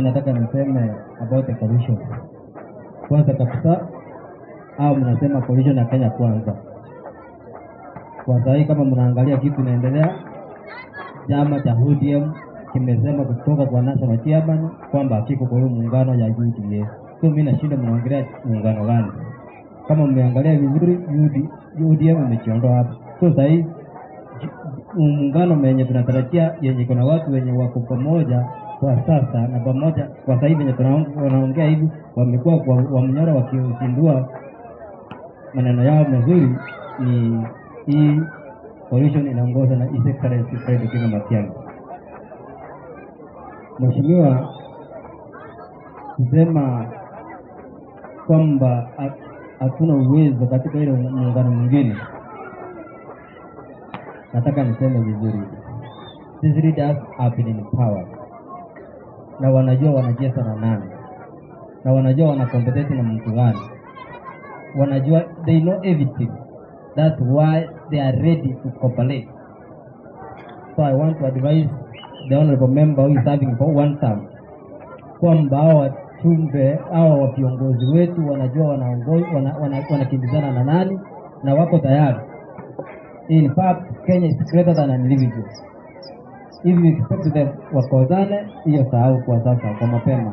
Nataka niseme about the commission. Kwanza kabisa, au mnasema commission ya Kenya kwanza. Kwa sahii kama mnaangalia kitu inaendelea, chama cha ODM kimesema kutoka kwa national chairman kwamba hakiko kwa hiyo muungano ya UDA. So mimi nashinda mnaongelea muungano gani? Kama mmeangalia vizuri, UDM imejiondoa hapa. So sahii muungano menye tunatarajia yenye kuna watu wenye wako pamoja kwa sasa na pamoja kwa sasa hivi tunaongea hivi, wamekuwa Wamnyora wakizindua maneno yao mazuri, ni hii coalition inaongoza na His Excellency Fred Otieno Matiang'i. Mheshimiwa, kusema kwamba hatuna uwezo katika ile muungano mwingine, nataka niseme vizuri, sisi leaders have been power na wanajua wanacheza na nani, na wanajua wana wanakompeteti na mtu gani, wanajua they know everything. That's why they are ready to cooperate. So I want to advise the honorable member who is serving for one term kwamba hao wachumbe hao wa viongozi wetu wanajua wanakimbizana wana, wana, wana na nani na wako tayari. In fact, Kenya is greater than an individual hivi them wakozane, hiyo sahau kwa sasa, kwa mapema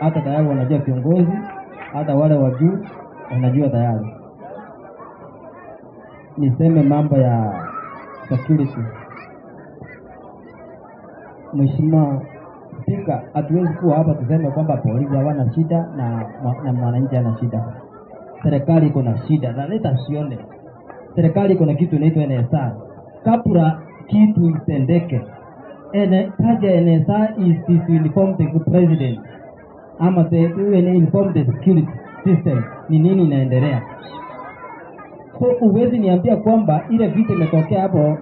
Hata tayari wanajua viongozi, hata wale wa juu wanajua tayari. Niseme mambo ya security, Mheshimiwa Spika, hatuwezi kuwa hapa tuseme kwamba polisi hawana shida na, na mwananchi ana shida. Serikali iko na shida na leta sione, serikali iko na kitu inaitwa NSR kapura kitu itendeke. Ene, taja NSA is to inform the president ama the, inform the security system ni nini inaendelea. So uwezi niambia kwamba ile vita imetokea hapo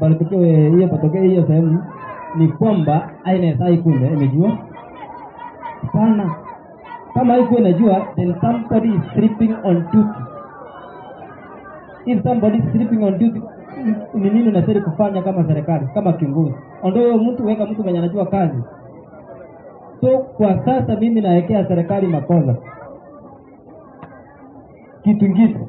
Balbukiwe, eh, hiyo patokea hiyo sehemu ni kwamba NSA ikuwe imejua sana kama iko inajua then somebody is sleeping on duty if somebody is sleeping on duty ni nini nasiri kufanya kama serikali, kama kiongozi. ondoe huyo mtu, weka mtu mwenye anajua kazi. So kwa sasa mimi nawekea serikali makosa. Kitu ingine